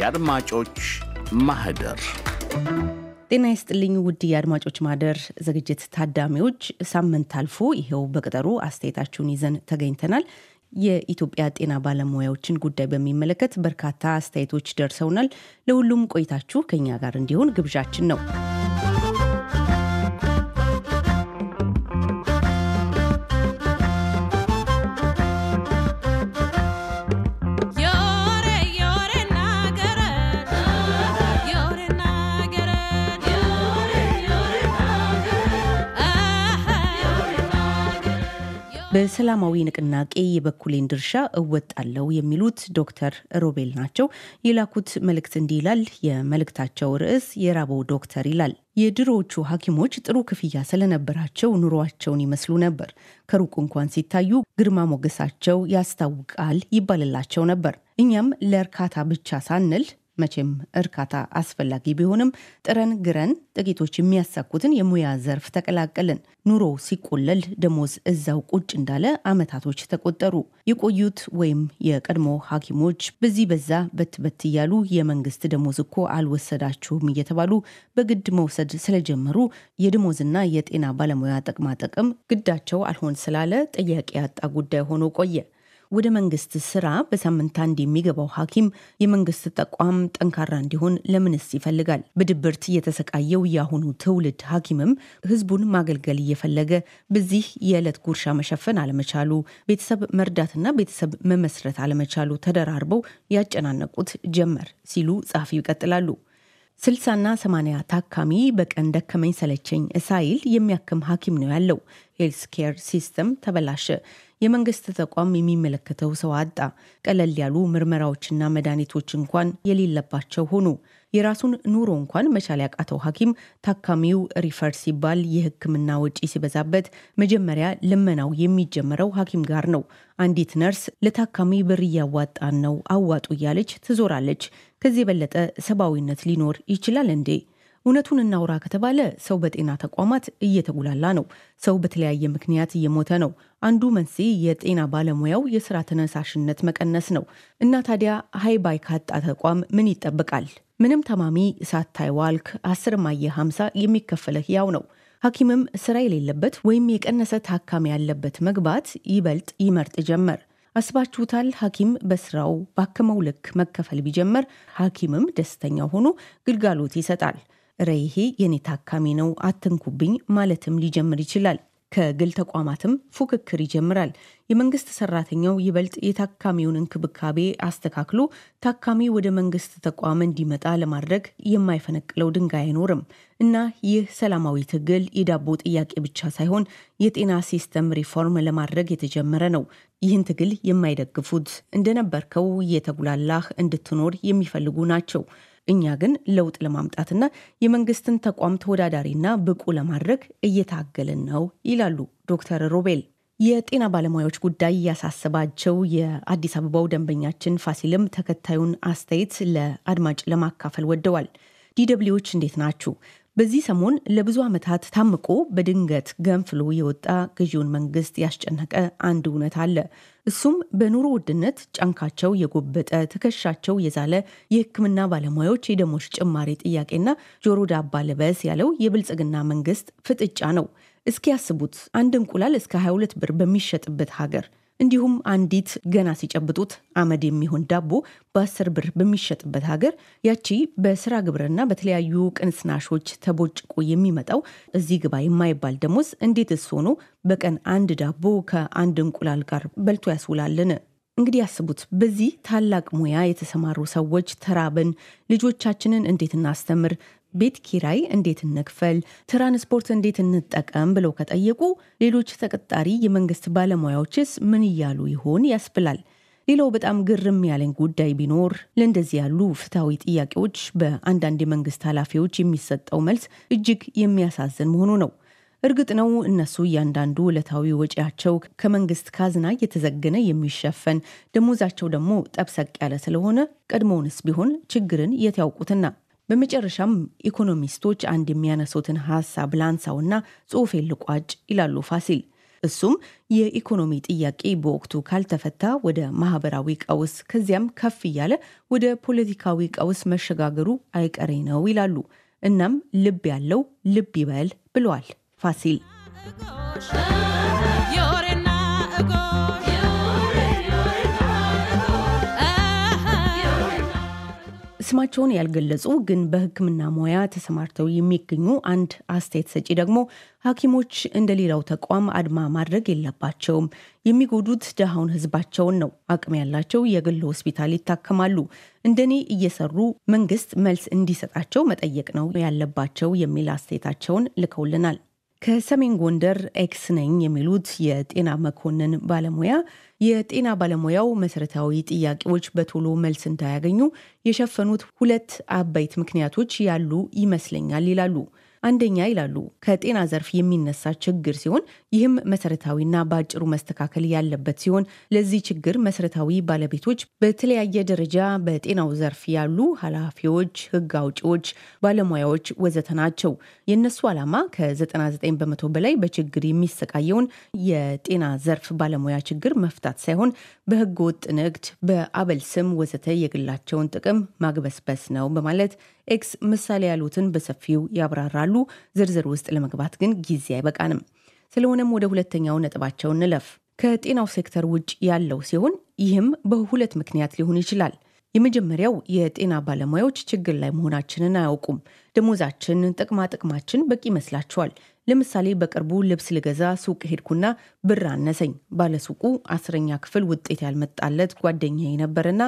የአድማጮች ማህደር ጤና ይስጥልኝ ውድ የአድማጮች ማህደር ዝግጅት ታዳሚዎች፣ ሳምንት አልፎ ይሄው በቅጠሩ አስተያየታችሁን ይዘን ተገኝተናል። የኢትዮጵያ ጤና ባለሙያዎችን ጉዳይ በሚመለከት በርካታ አስተያየቶች ደርሰውናል። ለሁሉም ቆይታችሁ ከኛ ጋር እንዲሆን ግብዣችን ነው። በሰላማዊ ንቅናቄ የበኩሌን ድርሻ እወጣለሁ የሚሉት ዶክተር ሮቤል ናቸው። የላኩት መልእክት እንዲህ ይላል። የመልእክታቸው ርዕስ የራበው ዶክተር ይላል። የድሮዎቹ ሐኪሞች ጥሩ ክፍያ ስለነበራቸው ኑሯቸውን ይመስሉ ነበር። ከሩቅ እንኳን ሲታዩ ግርማ ሞገሳቸው ያስታውቃል ይባልላቸው ነበር። እኛም ለእርካታ ብቻ ሳንል መቼም እርካታ አስፈላጊ ቢሆንም ጥረን ግረን ጥቂቶች የሚያሳኩትን የሙያ ዘርፍ ተቀላቀልን። ኑሮ ሲቆለል ደሞዝ እዛው ቁጭ እንዳለ አመታቶች ተቆጠሩ። የቆዩት ወይም የቀድሞ ሐኪሞች በዚህ በዛ በትበት እያሉ የመንግስት ደሞዝ እኮ አልወሰዳችሁም እየተባሉ በግድ መውሰድ ስለጀመሩ የደሞዝና የጤና ባለሙያ ጥቅማ ግዳቸው አልሆን ስላለ ጥያቄ ያጣ ጉዳይ ሆኖ ቆየ። ወደ መንግስት ስራ በሳምንት አንድ የሚገባው ሐኪም የመንግስት ተቋም ጠንካራ እንዲሆን ለምንስ ይፈልጋል? በድብርት የተሰቃየው የአሁኑ ትውልድ ሐኪምም ህዝቡን ማገልገል እየፈለገ በዚህ የዕለት ጉርሻ መሸፈን አለመቻሉ፣ ቤተሰብ መርዳትና ቤተሰብ መመስረት አለመቻሉ ተደራርበው ያጨናነቁት ጀመር ሲሉ ጸሐፊው ይቀጥላሉ። ስልሳና ሰማንያ ታካሚ በቀን ደከመኝ ሰለቸኝ ሳይል የሚያክም ሐኪም ነው ያለው። ሄልስ ኬር ሲስተም ተበላሸ። የመንግስት ተቋም የሚመለከተው ሰው አጣ። ቀለል ያሉ ምርመራዎችና መድኃኒቶች እንኳን የሌለባቸው ሆኑ። የራሱን ኑሮ እንኳን መቻል ያቃተው ሐኪም ታካሚው ሪፈር ሲባል የሕክምና ወጪ ሲበዛበት መጀመሪያ ልመናው የሚጀመረው ሐኪም ጋር ነው። አንዲት ነርስ ለታካሚ ብር እያዋጣን ነው፣ አዋጡ እያለች ትዞራለች። ከዚህ የበለጠ ሰብአዊነት ሊኖር ይችላል እንዴ? እውነቱን እናውራ ከተባለ ሰው በጤና ተቋማት እየተጉላላ ነው። ሰው በተለያየ ምክንያት እየሞተ ነው። አንዱ መንስኤ የጤና ባለሙያው የስራ ተነሳሽነት መቀነስ ነው እና ታዲያ ሀይ ባይ ካጣ ተቋም ምን ይጠበቃል? ምንም ታማሚ ሳታይ ዋልክ አስር ማየ ሀምሳ የሚከፈለህ ያው ነው። ሐኪምም ስራ የሌለበት ወይም የቀነሰ ታካሚ ያለበት መግባት ይበልጥ ይመርጥ ጀመር። አስባችሁታል? ሐኪም በስራው ባከመው ልክ መከፈል ቢጀመር ሐኪምም ደስተኛ ሆኖ ግልጋሎት ይሰጣል። እረ ይሄ የኔ ታካሚ ነው አትንኩብኝ ማለትም ሊጀምር ይችላል። ከግል ተቋማትም ፉክክር ይጀምራል። የመንግስት ሰራተኛው ይበልጥ የታካሚውን እንክብካቤ አስተካክሎ ታካሚ ወደ መንግስት ተቋም እንዲመጣ ለማድረግ የማይፈነቅለው ድንጋይ አይኖርም እና ይህ ሰላማዊ ትግል የዳቦ ጥያቄ ብቻ ሳይሆን የጤና ሲስተም ሪፎርም ለማድረግ የተጀመረ ነው። ይህን ትግል የማይደግፉት እንደነበርከው እየተጉላላህ እንድትኖር የሚፈልጉ ናቸው። እኛ ግን ለውጥ ለማምጣትና የመንግስትን ተቋም ተወዳዳሪና ብቁ ለማድረግ እየታገልን ነው ይላሉ ዶክተር ሮቤል። የጤና ባለሙያዎች ጉዳይ ያሳሰባቸው የአዲስ አበባው ደንበኛችን ፋሲልም ተከታዩን አስተያየት ለአድማጭ ለማካፈል ወደዋል። ዲደብሊዎች እንዴት ናችሁ? በዚህ ሰሞን ለብዙ ዓመታት ታምቆ በድንገት ገንፍሎ የወጣ ገዢውን መንግስት ያስጨነቀ አንድ እውነት አለ። እሱም በኑሮ ውድነት ጫንካቸው የጎበጠ ትከሻቸው የዛለ የሕክምና ባለሙያዎች የደሞዝ ጭማሪ ጥያቄና ጆሮ ዳባ ልበስ ያለው የብልጽግና መንግስት ፍጥጫ ነው። እስኪ ያስቡት አንድ እንቁላል እስከ 22 ብር በሚሸጥበት ሀገር እንዲሁም አንዲት ገና ሲጨብጡት አመድ የሚሆን ዳቦ በአስር ብር በሚሸጥበት ሀገር ያቺ በስራ ግብርና በተለያዩ ቅንስናሾች ተቦጭቆ የሚመጣው እዚህ ግባ የማይባል ደሞዝ እንዴት እስ ሆኖ በቀን አንድ ዳቦ ከአንድ እንቁላል ጋር በልቶ ያስውላልን? እንግዲህ ያስቡት። በዚህ ታላቅ ሙያ የተሰማሩ ሰዎች ተራብን፣ ልጆቻችንን እንዴት እናስተምር፣ ቤት ኪራይ እንዴት እንክፈል፣ ትራንስፖርት እንዴት እንጠቀም ብለው ከጠየቁ ሌሎች ተቀጣሪ የመንግስት ባለሙያዎችስ ምን እያሉ ይሆን ያስብላል። ሌላው በጣም ግርም ያለኝ ጉዳይ ቢኖር ለእንደዚህ ያሉ ፍትሐዊ ጥያቄዎች በአንዳንድ የመንግስት ኃላፊዎች የሚሰጠው መልስ እጅግ የሚያሳዝን መሆኑ ነው። እርግጥ ነው እነሱ እያንዳንዱ ዕለታዊ ወጪያቸው ከመንግስት ካዝና እየተዘገነ የሚሸፈን ደሞዛቸው ደግሞ ጠብሰቅ ያለ ስለሆነ ቀድሞውንስ ቢሆን ችግርን የት ያውቁትና በመጨረሻም ኢኮኖሚስቶች አንድ የሚያነሱትን ሀሳብ ላንሳውና ጽሑፌን ልቋጭ ይላሉ ፋሲል። እሱም የኢኮኖሚ ጥያቄ በወቅቱ ካልተፈታ ወደ ማህበራዊ ቀውስ ከዚያም ከፍ እያለ ወደ ፖለቲካዊ ቀውስ መሸጋገሩ አይቀሬ ነው ይላሉ። እናም ልብ ያለው ልብ ይበል ብለዋል ፋሲል። ስማቸውን ያልገለጹ ግን በሕክምና ሙያ ተሰማርተው የሚገኙ አንድ አስተያየት ሰጪ ደግሞ ሐኪሞች እንደ ሌላው ተቋም አድማ ማድረግ የለባቸውም፣ የሚጎዱት ድሃውን ሕዝባቸውን ነው። አቅም ያላቸው የግል ሆስፒታል ይታከማሉ። እንደኔ እየሰሩ መንግስት መልስ እንዲሰጣቸው መጠየቅ ነው ያለባቸው የሚል አስተያየታቸውን ልከውልናል። ከሰሜን ጎንደር ኤክስ ነኝ የሚሉት የጤና መኮንን ባለሙያ የጤና ባለሙያው መሰረታዊ ጥያቄዎች በቶሎ መልስ እንዳያገኙ የሸፈኑት ሁለት አበይት ምክንያቶች ያሉ ይመስለኛል ይላሉ። አንደኛ ይላሉ ከጤና ዘርፍ የሚነሳ ችግር ሲሆን ይህም መሰረታዊና በአጭሩ መስተካከል ያለበት ሲሆን ለዚህ ችግር መሰረታዊ ባለቤቶች በተለያየ ደረጃ በጤናው ዘርፍ ያሉ ኃላፊዎች፣ ህግ አውጪዎች፣ ባለሙያዎች ወዘተ ናቸው። የእነሱ ዓላማ ከ99 በመቶ በላይ በችግር የሚሰቃየውን የጤና ዘርፍ ባለሙያ ችግር መፍታት ሳይሆን በህገ ወጥ ንግድ፣ በአበል ስም ወዘተ የግላቸውን ጥቅም ማግበስበስ ነው በማለት ኤክስ ምሳሌ ያሉትን በሰፊው ያብራራሉ። ዝርዝር ውስጥ ለመግባት ግን ጊዜ አይበቃንም። ስለሆነም ወደ ሁለተኛው ነጥባቸው እንለፍ። ከጤናው ሴክተር ውጭ ያለው ሲሆን ይህም በሁለት ምክንያት ሊሆን ይችላል። የመጀመሪያው የጤና ባለሙያዎች ችግር ላይ መሆናችንን አያውቁም። ደሞዛችን፣ ጥቅማ ጥቅማችን በቂ ይመስላቸዋል። ለምሳሌ በቅርቡ ልብስ ልገዛ ሱቅ ሄድኩና ብር አነሰኝ። ባለሱቁ አስረኛ ክፍል ውጤት ያልመጣለት ጓደኛዬ ነበርና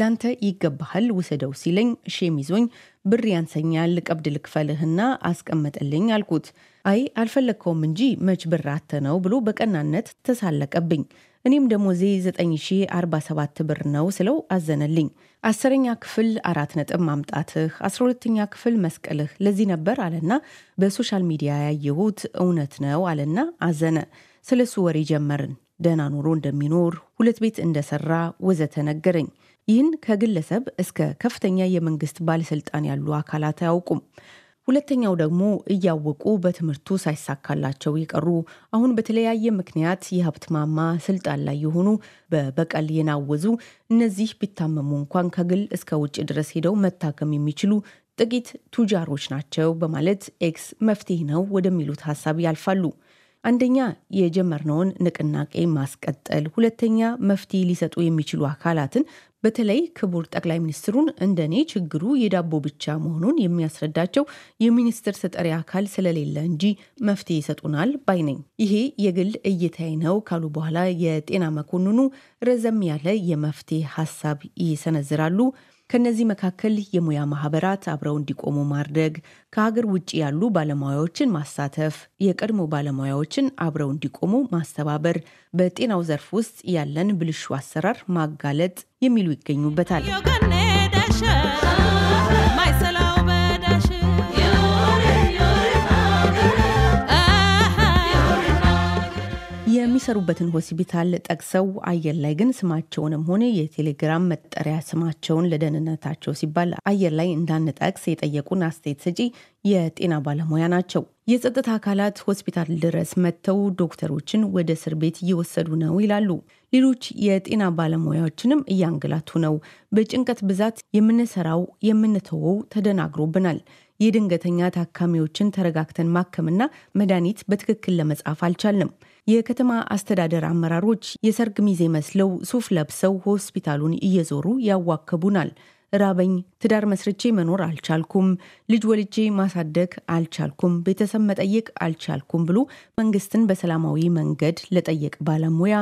ላንተ ይገባሃል ውሰደው ሲለኝ ሼም ይዞኝ ብር ያንሰኛል ቀብድ ልክፈልህና አስቀመጠልኝ አልኩት። አይ አልፈለግከውም እንጂ መች ብር አተ ነው ብሎ በቀናነት ተሳለቀብኝ። እኔም ደሞዜ 9047 ብር ነው ስለው አዘነልኝ። አስረኛ ክፍል አራት ነጥብ ማምጣትህ፣ አስራ ሁለተኛ ክፍል መስቀልህ ለዚህ ነበር አለና በሶሻል ሚዲያ ያየሁት እውነት ነው አለና አዘነ። ስለ እሱ ወሬ ጀመርን። ደህና ኑሮ እንደሚኖር ሁለት ቤት እንደሰራ ወዘተ ነገረኝ። ይህን ከግለሰብ እስከ ከፍተኛ የመንግስት ባለስልጣን ያሉ አካላት አያውቁም። ሁለተኛው ደግሞ እያወቁ በትምህርቱ ሳይሳካላቸው የቀሩ አሁን በተለያየ ምክንያት የሀብት ማማ ስልጣን ላይ የሆኑ በበቀል የናወዙ እነዚህ ቢታመሙ እንኳን ከግል እስከ ውጭ ድረስ ሄደው መታከም የሚችሉ ጥቂት ቱጃሮች ናቸው በማለት ኤክስ መፍትሄ ነው ወደሚሉት ሀሳብ ያልፋሉ። አንደኛ የጀመርነውን ንቅናቄ ማስቀጠል፣ ሁለተኛ መፍትሄ ሊሰጡ የሚችሉ አካላትን በተለይ ክቡር ጠቅላይ ሚኒስትሩን እንደኔ ችግሩ የዳቦ ብቻ መሆኑን የሚያስረዳቸው የሚኒስትር ተጠሪ አካል ስለሌለ እንጂ መፍትሄ ይሰጡናል ባይ ነኝ። ይሄ የግል እይታዬ ነው ካሉ በኋላ የጤና መኮንኑ ረዘም ያለ የመፍትሄ ሀሳብ ይሰነዝራሉ። ከእነዚህ መካከል የሙያ ማህበራት አብረው እንዲቆሙ ማድረግ፣ ከሀገር ውጭ ያሉ ባለሙያዎችን ማሳተፍ፣ የቀድሞ ባለሙያዎችን አብረው እንዲቆሙ ማስተባበር፣ በጤናው ዘርፍ ውስጥ ያለን ብልሹ አሰራር ማጋለጥ የሚሉ ይገኙበታል። የሚሰሩበትን ሆስፒታል ጠቅሰው አየር ላይ ግን ስማቸውንም ሆነ የቴሌግራም መጠሪያ ስማቸውን ለደህንነታቸው ሲባል አየር ላይ እንዳንጠቅስ የጠየቁን አስተያየት ሰጪ የጤና ባለሙያ ናቸው። የጸጥታ አካላት ሆስፒታል ድረስ መጥተው ዶክተሮችን ወደ እስር ቤት እየወሰዱ ነው ይላሉ። ሌሎች የጤና ባለሙያዎችንም እያንገላቱ ነው። በጭንቀት ብዛት የምንሰራው የምንተወው ተደናግሮብናል። የድንገተኛ ታካሚዎችን ተረጋግተን ማከምና መድኃኒት በትክክል ለመጻፍ አልቻልንም። የከተማ አስተዳደር አመራሮች የሰርግ ሚዜ መስለው ሱፍ ለብሰው ሆስፒታሉን እየዞሩ ያዋከቡናል። ራበኝ፣ ትዳር መስርቼ መኖር አልቻልኩም፣ ልጅ ወልጄ ማሳደግ አልቻልኩም፣ ቤተሰብ መጠየቅ አልቻልኩም ብሎ መንግስትን በሰላማዊ መንገድ ለጠየቅ ባለሙያ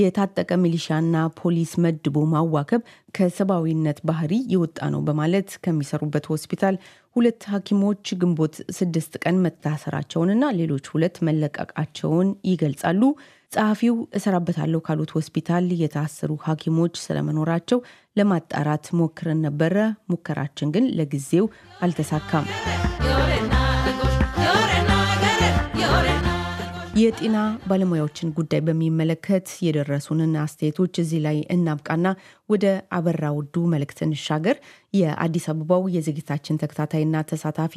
የታጠቀ ሚሊሻና ፖሊስ መድቦ ማዋከብ ከሰብአዊነት ባህሪ የወጣ ነው በማለት ከሚሰሩበት ሆስፒታል ሁለት ሐኪሞች ግንቦት ስድስት ቀን መታሰራቸውንና ሌሎች ሁለት መለቀቃቸውን ይገልጻሉ። ጸሐፊው እሰራበታለሁ ካሉት ሆስፒታል የታሰሩ ሐኪሞች ስለመኖራቸው ለማጣራት ሞክረን ነበረ። ሙከራችን ግን ለጊዜው አልተሳካም። የጤና ባለሙያዎችን ጉዳይ በሚመለከት የደረሱንን አስተያየቶች እዚህ ላይ እናብቃና ወደ አበራ ውዱ መልእክት እንሻገር። የአዲስ አበባው የዝግጅታችን ተከታታይና ተሳታፊ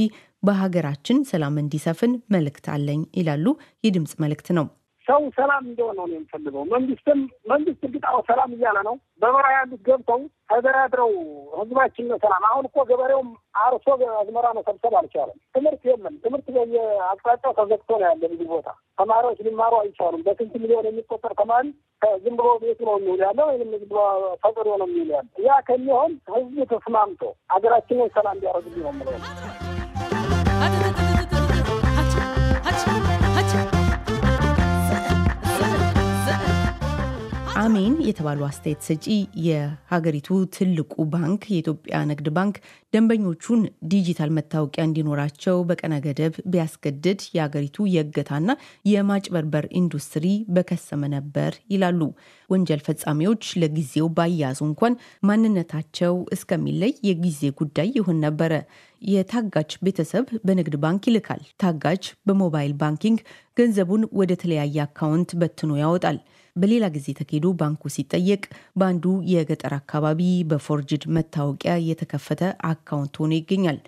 በሀገራችን ሰላም እንዲሰፍን መልእክት አለኝ ይላሉ። የድምፅ መልእክት ነው። ሰው ሰላም እንዲሆን ነው የምፈልገው። መንግስትም መንግስት እርግጥ ሰላም እያለ ነው። በበረሃ ያሉት ገብተው ተደራድረው ህዝባችን ነው ሰላም። አሁን እኮ ገበሬውም አርሶ አዝመራ መሰብሰብ አልቻለም። ትምህርት የለም። ትምህርት በየአቅጣጫው ተዘግቶ ነው ያለ። ብዙ ቦታ ተማሪዎች ሊማሩ አይቻሉም። በስንት ሚሊዮን የሚቆጠር ተማሪ ዝም ብሎ ቤት ነው የሚውል ያለ ወይም ዝም ብሎ ፈቅዶ ነው የሚውል ያለ። ያ ከሚሆን ህዝቡ ተስማምቶ ሀገራችንን ሰላም እንዲያደርግልኝ ነው የምለው። አሜን የተባሉ አስተያየት ሰጪ የሀገሪቱ ትልቁ ባንክ የኢትዮጵያ ንግድ ባንክ ደንበኞቹን ዲጂታል መታወቂያ እንዲኖራቸው በቀነ ገደብ ቢያስገድድ የሀገሪቱ የእገታና የማጭበርበር ኢንዱስትሪ በከሰመ ነበር ይላሉ። ወንጀል ፈጻሚዎች ለጊዜው ባያዙ እንኳን ማንነታቸው እስከሚለይ የጊዜ ጉዳይ ይሆን ነበረ። የታጋች ቤተሰብ በንግድ ባንክ ይልካል። ታጋች በሞባይል ባንኪንግ ገንዘቡን ወደ ተለያየ አካውንት በትኖ ያወጣል። በሌላ ጊዜ ተኬዶ ባንኩ ሲጠየቅ በአንዱ የገጠር አካባቢ በፎርጅድ መታወቂያ የተከፈተ አካውንት ሆኖ ይገኛል።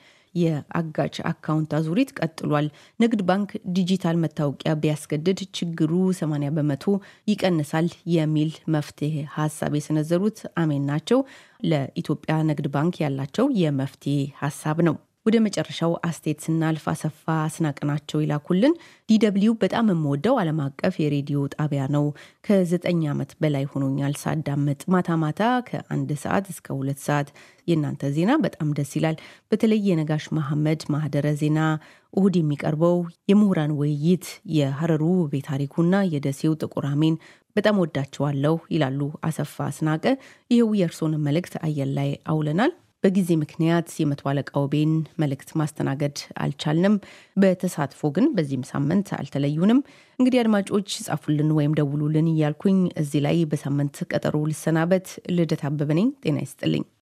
የአጋች አካውንት አዙሪት ቀጥሏል። ንግድ ባንክ ዲጂታል መታወቂያ ቢያስገድድ ችግሩ 80 በመቶ ይቀንሳል የሚል መፍትሄ ሀሳብ የሰነዘሩት አሜን ናቸው። ለኢትዮጵያ ንግድ ባንክ ያላቸው የመፍትሄ ሀሳብ ነው። ወደ መጨረሻው አስቴት ስናልፍ አሰፋ ስናቀናቸው ይላኩልን። ዲደብሊው በጣም የምወደው ዓለም አቀፍ የሬዲዮ ጣቢያ ነው። ከዘጠኝ ዓመት በላይ ሆኖኛል ሳዳምጥ። ማታ ማታ ከአንድ ሰዓት እስከ ሁለት ሰዓት የእናንተ ዜና በጣም ደስ ይላል። በተለይ የነጋሽ መሐመድ ማህደረ ዜና፣ እሁድ የሚቀርበው የምሁራን ውይይት፣ የሀረሩ ውቤ ታሪኩና የደሴው ጥቁር አሜን በጣም ወዳቸዋለሁ ይላሉ አሰፋ አስናቀ። ይኸው የእርስዎን መልእክት አየር ላይ አውለናል። በጊዜ ምክንያት የመቶ አለቃ ውቤን መልእክት ማስተናገድ አልቻልንም። በተሳትፎ ግን በዚህም ሳምንት አልተለዩንም። እንግዲህ አድማጮች ጻፉልን ወይም ደውሉልን እያልኩኝ እዚህ ላይ በሳምንት ቀጠሮ ልሰናበት። ልደት አበበ ነኝ። ጤና ይስጥልኝ።